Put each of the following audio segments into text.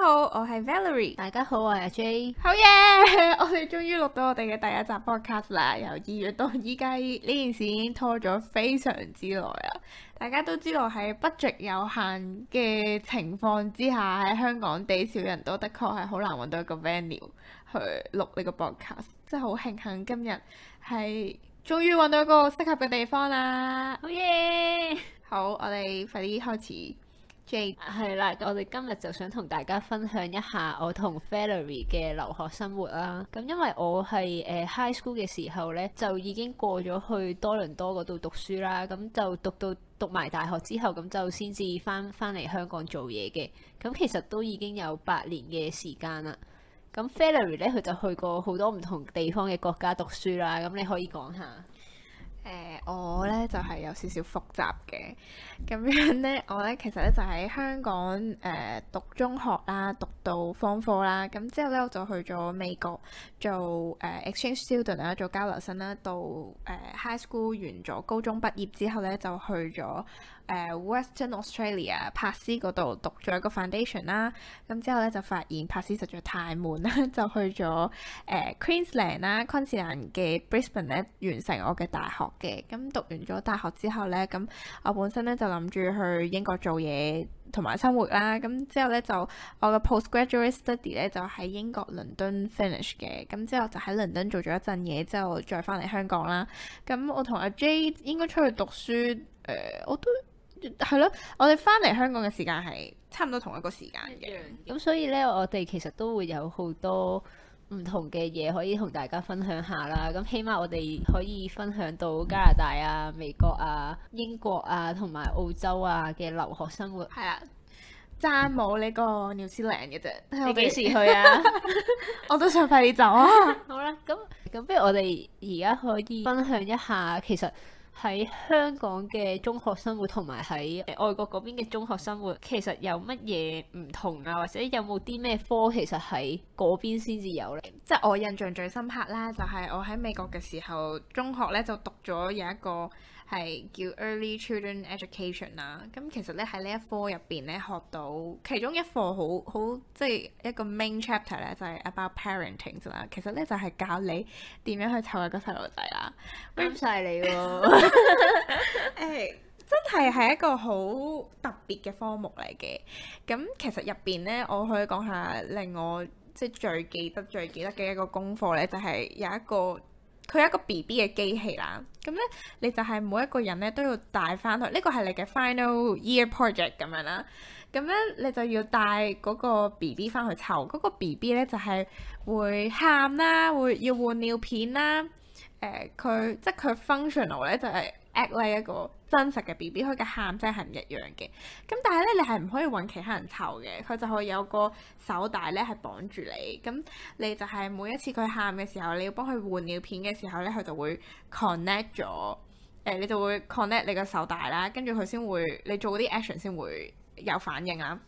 好，我係 Valerie，大家好，我係阿 J，好耶，我哋終於錄到我哋嘅第一集 podcast 啦，由二月到依家呢件事已經拖咗非常之耐啦！大家都知道喺 budget 有限嘅情況之下，喺香港地少人都的確係好難搵到一個 venue 去錄呢個 podcast，真係好慶幸今日係終於搵到一個適合嘅地方啦，好耶！好，我哋快啲開始。係啦、啊，我哋今日就想同大家分享一下我同 Valerie 嘅留學生活啦。咁、嗯、因為我係誒 high school 嘅時候呢，就已經過咗去多倫多嗰度讀書啦。咁、嗯、就讀到讀埋大學之後，咁、嗯、就先至返返嚟香港做嘢嘅。咁、嗯、其實都已經有八年嘅時間啦。咁 Valerie 呢，佢就去過好多唔同地方嘅國家讀書啦。咁、嗯、你可以講下、呃我咧就係、是、有少少複雜嘅，咁樣咧，我咧其實咧就喺香港誒、呃、讀中學啦，讀到方科啦，咁之後咧我就去咗美國做誒 exchange student 啦，做、呃、交流生啦，到誒、呃、high school 完咗高中畢業之後咧，就去咗誒、呃、Western Australia 珀斯嗰度讀咗一個 foundation 啦，咁之後咧就發現珀斯實在太悶啦， 就去咗誒、呃、Queensland 啦、啊，昆士蘭嘅 Brisbane 咧完成我嘅大學嘅。咁讀完咗大學之後呢，咁我本身呢就諗住去英國做嘢同埋生活啦。咁之後呢，就我嘅 postgraduate study 呢，就喺英國倫敦 finish 嘅。咁之後就喺倫敦做咗一陣嘢，之後再翻嚟香港啦。咁我同阿 J 應該出去讀書，誒、呃，我都係咯。我哋翻嚟香港嘅時間係差唔多同一個時間嘅。咁所以呢，我哋其實都會有好多。唔同嘅嘢可以同大家分享下啦，咁起碼我哋可以分享到加拿大啊、美國啊、英國啊、同埋澳洲啊嘅留學生活。係啊，讚冇呢個尿屎靚嘅啫。我你幾時去啊？ 我都想快啲走。啊 。好啦，咁咁不如我哋而家可以分享一下，其實。喺香港嘅中學生活同埋喺外國嗰邊嘅中學生活，其實有乜嘢唔同啊？或者有冇啲咩科其實喺嗰邊先至有呢？即係我印象最深刻啦，就係我喺美國嘅時候，中學呢就讀咗有一個。係叫 Early Children Education 啦、啊，咁、嗯、其實咧喺呢一科入邊咧學到，其中一課好好即係一個 main chapter 咧，就係、是、about parenting 啦、啊。其實咧就係、是、教你點樣去湊個細路仔啊！感謝 你喎、哦 欸，真係係一個好特別嘅科目嚟嘅。咁、嗯、其實入邊咧，我可以講下令我即係最記得最記得嘅一個功課咧，就係、是、有一個。佢係一個 BB 嘅機器啦，咁咧你就係每一個人咧都要帶翻去，呢個係你嘅 final year project 咁樣啦。咁咧你就要帶嗰個 BB 翻去湊，嗰個 BB 咧就係會喊啦，會要換尿片啦，誒、呃、佢即係佢 functional 咧就係。Act 咧、like、一個真實嘅 B.B. 佢嘅喊聲係唔一樣嘅，咁但係咧你係唔可以揾其他人湊嘅，佢就可以有個手帶咧係綁住你，咁你就係每一次佢喊嘅時候，你要幫佢換尿片嘅時候咧，佢就會 connect 咗，誒、呃、你就會 connect 你個手帶啦，跟住佢先會你做啲 action 先會有反應啊。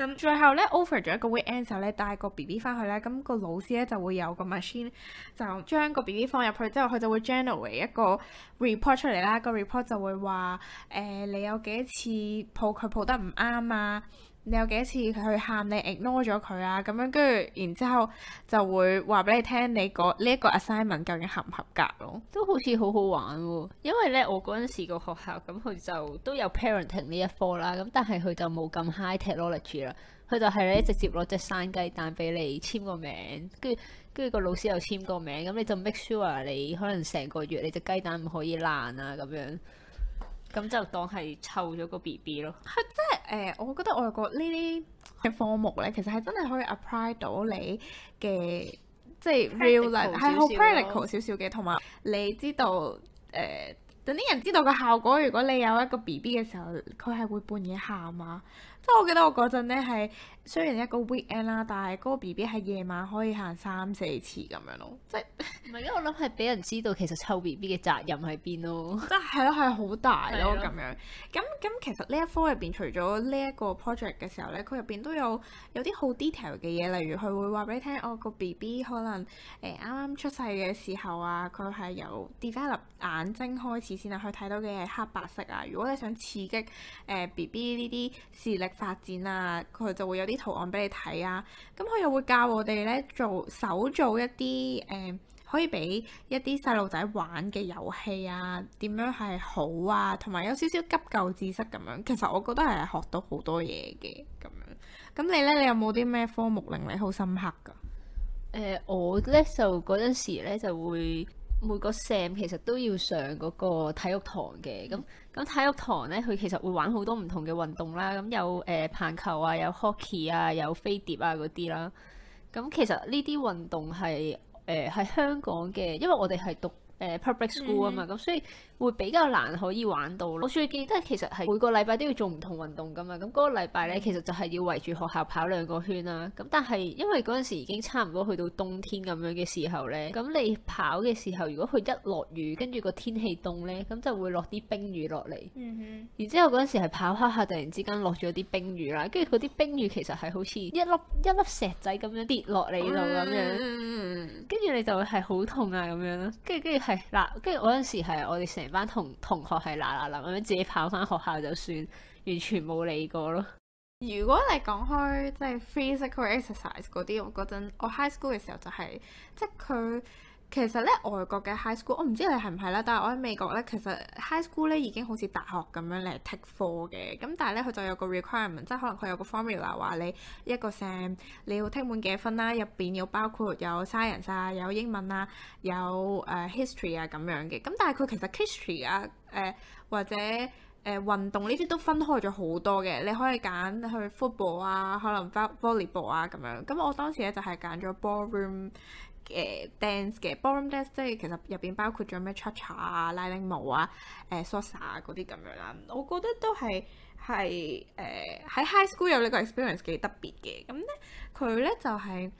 咁最後咧 over 咗一個 weekend 時候咧，帶個 BB 翻去咧，咁、嗯、個老師咧就會有個 machine，就將個 BB 放入去之後，佢就會 generate 一個 report 出嚟啦。個 report 就會話，誒、呃，你有幾多次抱佢抱得唔啱啊？你有幾次佢去喊你 ignore 咗佢啊？咁樣跟住，然之後後就會話俾你聽你、這個，你嗰呢一個 assignment 究竟合唔合格咯？都好似好好玩喎，哦，因為呢，我嗰陣時個學校咁，佢、嗯、就都有 parenting 呢一科啦。咁但係佢就冇咁 high technology 啦。佢就係咧直接攞隻生雞蛋俾你簽個名，跟住跟住個老師又簽個名，咁、嗯、你就 make sure 你可能成個月你隻雞蛋唔可以爛啊咁樣。咁就當係湊咗個 BB 咯。係，即係誒，我覺得外國呢啲嘅科目咧，其實係真係可以 apply 到你嘅，即係 real life，係好 practical 少少嘅。同埋你知道誒，等、嗯、啲人知道個效果。如果你有一個 BB 嘅時候，佢係會半夜喊啊。即係我記得我嗰陣咧，係雖然一個 weekend 啦，但係個 B B 係夜晚可以行三四次咁樣咯。即係唔係因為我諗係俾人知道其實湊 B B 嘅責任喺邊咯？即係咯，係好大咯咁樣，咁咁其實呢一科入邊除咗呢一個 project 嘅時候咧，佢入邊都有有啲好 detail 嘅嘢，例如佢會話俾你聽哦個 B B 可能誒啱啱出世嘅時候啊，佢係由 develop 眼睛開始先啊，佢睇到嘅係黑白色啊。如果你想刺激誒 B B 呢啲視力，呃寶寶發展啊，佢就會有啲圖案俾你睇啊，咁佢又會教我哋呢，做手做一啲誒、呃，可以俾一啲細路仔玩嘅遊戲啊，點樣係好啊，同埋有少少急救知識咁樣。其實我覺得係學到好多嘢嘅咁樣。咁你呢？你有冇啲咩科目令你好深刻噶？呃？我呢，就嗰陣時呢，就會。每個 Sam 其實都要上嗰個體育堂嘅，咁，咁體育堂呢，佢其實會玩好多唔同嘅運動啦。咁有誒、呃、棒球啊，有 hockey 啊，有飛碟啊嗰啲啦。咁其實呢啲運動係誒喺香港嘅，因為我哋係讀。誒、uh, public school 啊嘛、mm，咁、hmm. 所以會比較難可以玩到咯。我最記得其實係每個禮拜都要做唔同運動噶嘛，咁嗰個禮拜咧、mm hmm. 其實就係要圍住學校跑兩個圈啦。咁但係因為嗰陣時已經差唔多去到冬天咁樣嘅時候咧，咁你跑嘅時候如果佢一落雨，跟住個天氣凍咧，咁就會落啲冰雨落嚟。Mm hmm. 然之後嗰陣時係跑下下，突然之間落咗啲冰雨啦，跟住嗰啲冰雨其實係好似一粒一粒石仔咁樣跌落你度咁樣，跟住你就係好痛啊咁樣咯。跟住跟住。係嗱，跟住 我嗰陣時係我哋成班同同學係嗱嗱嗱，咁樣自己跑返學校就算，完全冇理過咯。如果你講開即係 physical exercise 嗰啲，我嗰陣我 high school 嘅時候就係、是、即係佢。其實咧，外國嘅 high school，我唔知你係唔係啦，但係我喺美國咧，其實 high school 咧已經好似大學咁樣嚟 take four 嘅，咁但係咧佢就有個 requirement，即係可能佢有個 formula 話你一個 s a m，你要剔滿幾分啦，入邊要包括有 science 啊，有英文啊，有誒、uh, history 啊咁樣嘅，咁但係佢其實 history 啊誒、呃、或者誒運、呃、動呢啲都分開咗好多嘅，你可以揀去 football 啊，可能 volleyball 啊咁樣，咁我當時咧就係、是、揀咗 ballroom。嘅 dance 嘅 ballroom dance 即係其實入邊包括咗咩 cha cha 拉啊，拉丁舞啊誒 salsa 嗰啲咁樣啦，我覺得都係係誒喺 high school 有呢個 experience 幾特別嘅，咁咧佢咧就係、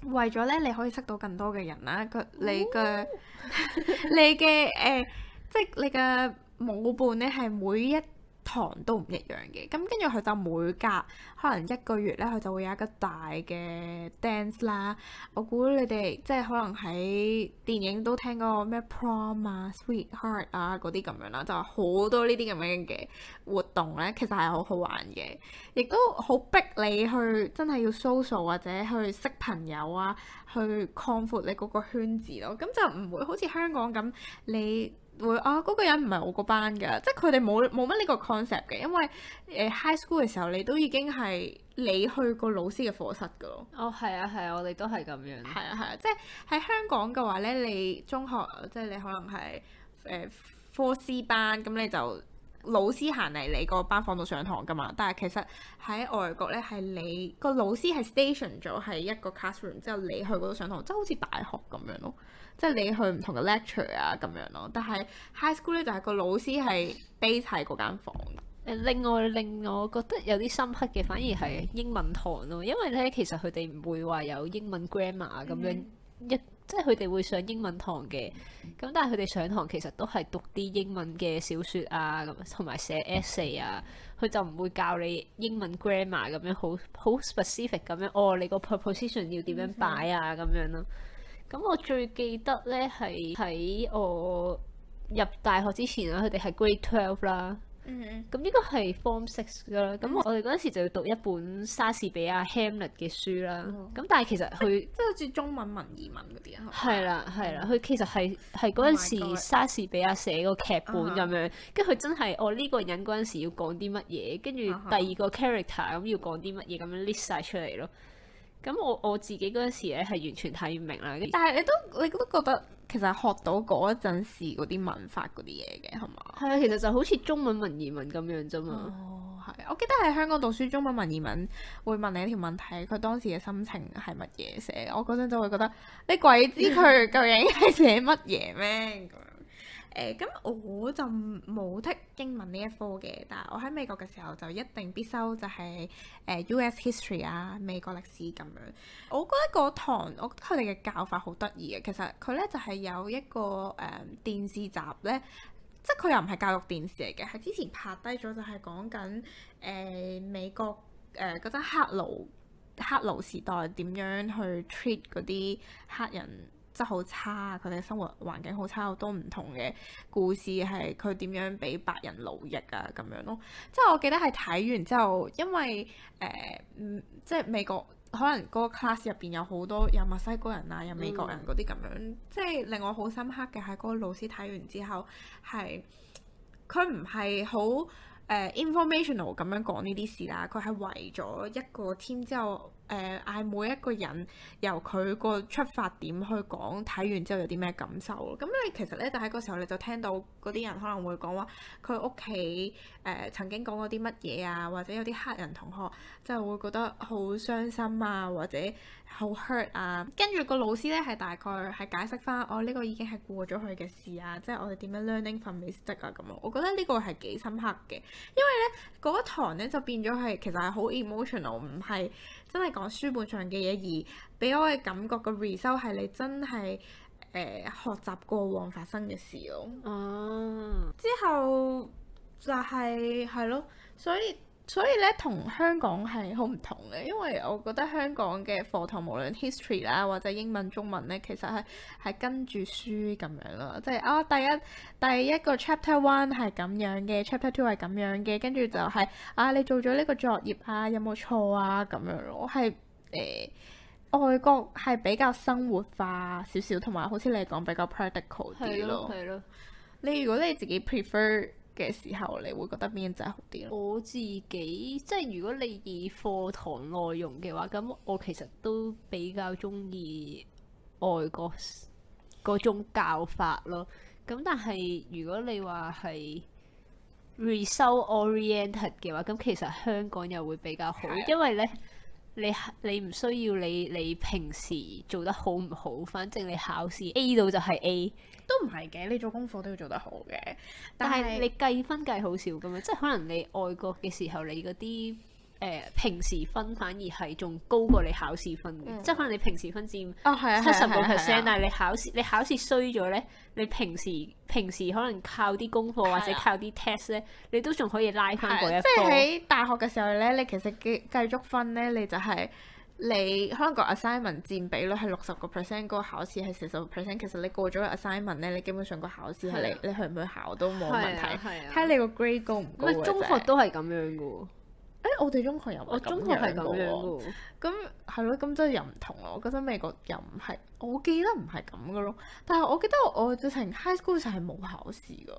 是、為咗咧你可以識到更多嘅人啦，佢你嘅、哦、 你嘅誒、呃、即係你嘅舞伴咧係每一。行都唔一樣嘅，咁跟住佢就每隔可能一個月呢，佢就會有一個大嘅 dance 啦。我估你哋即係可能喺電影都聽過咩 prom 啊、sweetheart 啊嗰啲咁樣啦，就好多呢啲咁樣嘅活動呢。其實係好好玩嘅，亦都好逼你去真係要 social 或者去識朋友啊，去擴闊你嗰個圈子咯。咁就唔會好似香港咁你。會啊，嗰、哦那個人唔係我個班㗎，即係佢哋冇冇乜呢個 concept 嘅，因為誒、呃、high school 嘅時候你都已經係你去過老師嘅課室㗎咯。哦，係啊，係啊，啊，我哋都係咁樣。係啊，係啊，即係喺香港嘅話呢，你中學即係你可能係誒科師班，咁、嗯、你就。老師行嚟你個班房度上堂㗎嘛，但係其實喺外國呢，係你個老師係 station 咗喺一個 classroom 之後，你去嗰度上堂，即係好似大學咁樣咯，即係你去唔同嘅 lecture 啊咁樣咯。但係 high school 呢，就係個老師係 base 喺嗰間房。誒，另外令我覺得有啲深刻嘅，反而係英文堂咯，因為呢，其實佢哋唔會話有英文 grammar 咁樣、嗯、一。即係佢哋會上英文堂嘅，咁但係佢哋上堂其實都係讀啲英文嘅小説啊，咁同埋寫 essay 啊，佢就唔會教你英文 grammar 咁樣好好 specific 咁樣，哦，你個 proposition 要點樣擺啊咁、嗯、哼樣咯。咁我最記得咧係喺我入大學之前啦，佢哋係 Grade Twelve 啦。嗯，咁、嗯、哼應該係 Form Six 啦。咁我哋嗰陣時就要讀一本莎士比亞 Hamlet 嘅書啦。咁、嗯、哼但係其實佢即係好似中文文言文嗰啲啊。係啦，係啦。佢其實係係嗰陣時莎士比亞寫個劇本咁樣，跟住佢真係我呢個人嗰陣時要講啲乜嘢，跟住、嗯、哼第二個 character 咁要講啲乜嘢，咁樣 list 曬出嚟咯。咁我我自己嗰陣時咧係完全睇唔明啦。但係你都你都覺得。其實學到嗰一陣時嗰啲文法嗰啲嘢嘅係咪？係啊，其實就好似中文文言文咁樣啫嘛。哦，係啊。我記得喺香港讀書，中文文言文會問你一條問題，佢當時嘅心情係乜嘢寫？我嗰陣就會覺得，你鬼知佢究竟係寫乜嘢咩？ 誒咁，嗯、我就冇剔英文呢一科嘅，但係我喺美國嘅時候就一定必修就係，是，誒、呃、US History，啊美國歷史咁樣。我覺得嗰堂我覺得佢哋嘅教法好得意嘅，其實佢呢就係，是，有一個誒、呃、電視集呢，即係佢又唔係教育電視嚟嘅，係之前拍低咗就係講緊誒、呃、美國誒嗰陣黑奴黑奴時代點樣去 treat 嗰啲黑人。質好差，啊，佢哋嘅生活環境好差，好多唔同嘅故事係佢點樣俾白人奴役啊咁樣咯。即係我記得係睇完之後，因為誒、呃、嗯，即係美國可能嗰個 class 入邊有好多有墨西哥人啊，有美國人嗰啲咁樣。嗯、即係令我好深刻嘅係嗰個老師睇完之後，係佢唔係好誒 informational 咁樣講呢啲事啦。佢係為咗一個 team 之後。誒嗌、呃、每一個人由佢個出發點去講，睇完之後有啲咩感受咯。咁咧，其實咧就喺個時候，你就聽到嗰啲人可能會講話佢屋企誒曾經講過啲乜嘢啊，或者有啲黑人同學就會覺得好傷心啊，或者好 hurt 啊。跟住個老師咧係大概係解釋翻，哦呢、呢個已經係過咗佢嘅事啊，即係我哋點樣 learning from mistake 啊。咁我覺得呢個係幾深刻嘅，因為咧嗰一堂咧就變咗係其實係好 emotional，唔係。真係講書本上嘅嘢，而俾我嘅感覺個 result 係你真係誒、呃、學習過往發生嘅事咯。哦，之後就係、是、係咯，所以。所以咧，同香港係好唔同嘅，因為我覺得香港嘅課堂無論 history 啦或者英文中文咧，其實係係跟住書咁樣咯，即係啊第一第一個 chapter one 係咁樣嘅，chapter two 係咁樣嘅，跟住就係啊你做咗呢個作業啊有冇錯啊咁樣咯。我係、呃、外國係比較生活化少少，同埋好似你講比較 practical 啲咯。係咯係咯。你如果你自己 prefer 嘅時候，你會覺得邊種係好啲咯？我自己即係如果你以課堂內容嘅話，咁我其實都比較中意外國嗰種教法咯。咁但係如果你話係 result-oriented 嘅話，咁其實香港又會比較好，的因為呢。你你唔需要你你平時做得好唔好，反正你考試 A 到就係 A，都唔係嘅。你做功課都要做得好嘅，但係你計分計好少㗎嘛。即係可能你外國嘅時候你嗰啲。誒平時分反而係仲高過你考試分嘅，嗯、即係可能你平時分佔七十個 percent，但係你考試你考試衰咗咧，你平時平時可能靠啲功課或者靠啲 test 咧，啊、你都仲可以拉翻嗰一分、啊。即係喺大學嘅時候咧，你其實繼繼續分咧，你就係你可能個 assignment 佔比率係六十個 percent，嗰個考試係四十個 percent。其實你過咗 assignment 咧，你基本上個考試係你、啊、你去唔去考都冇問題。睇、啊啊啊、你個 grade 高唔高嘅。中學都係咁樣嘅喎。誒，我哋中學又我中學係咁樣嘅，咁係咯，咁真係又唔同咯。我覺得美國又唔係，我記得唔係咁嘅咯。但係我記得我直情 high school 時係冇考試嘅。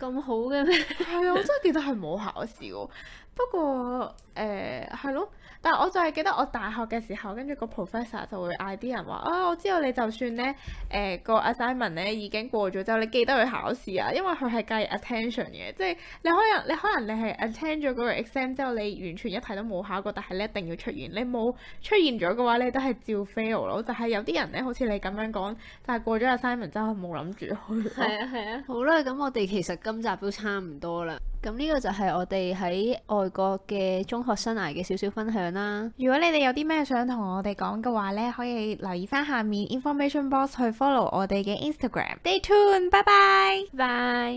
咁好嘅咩？係 啊，我真係記得係冇考試喎。不過誒係咯，但係我就係記得我大學嘅時候，跟住個 professor 就會嗌啲人話啊、哦，我知道你就算咧誒個 assignment 咧已經過咗之後，你記得去考試啊，因為佢係計 attention 嘅，即係你，你可能你可能你係 attend 咗嗰個 exam 之後，你完全一題都冇考過，但係你一定要出現。你冇出現咗嘅話，你都係照 fail 咯。就係有啲人咧，好似你咁樣講，就係過咗 assignment 之後冇諗住去。係啊係啊。 好啦，咁我哋其實。今集都差唔多啦，咁呢個就係我哋喺外國嘅中學生涯嘅少少分享啦。如果你哋有啲咩想同我哋講嘅話呢，可以留意翻下面 information box 去 follow 我哋嘅 Instagram。Stay tuned，拜拜 Bye.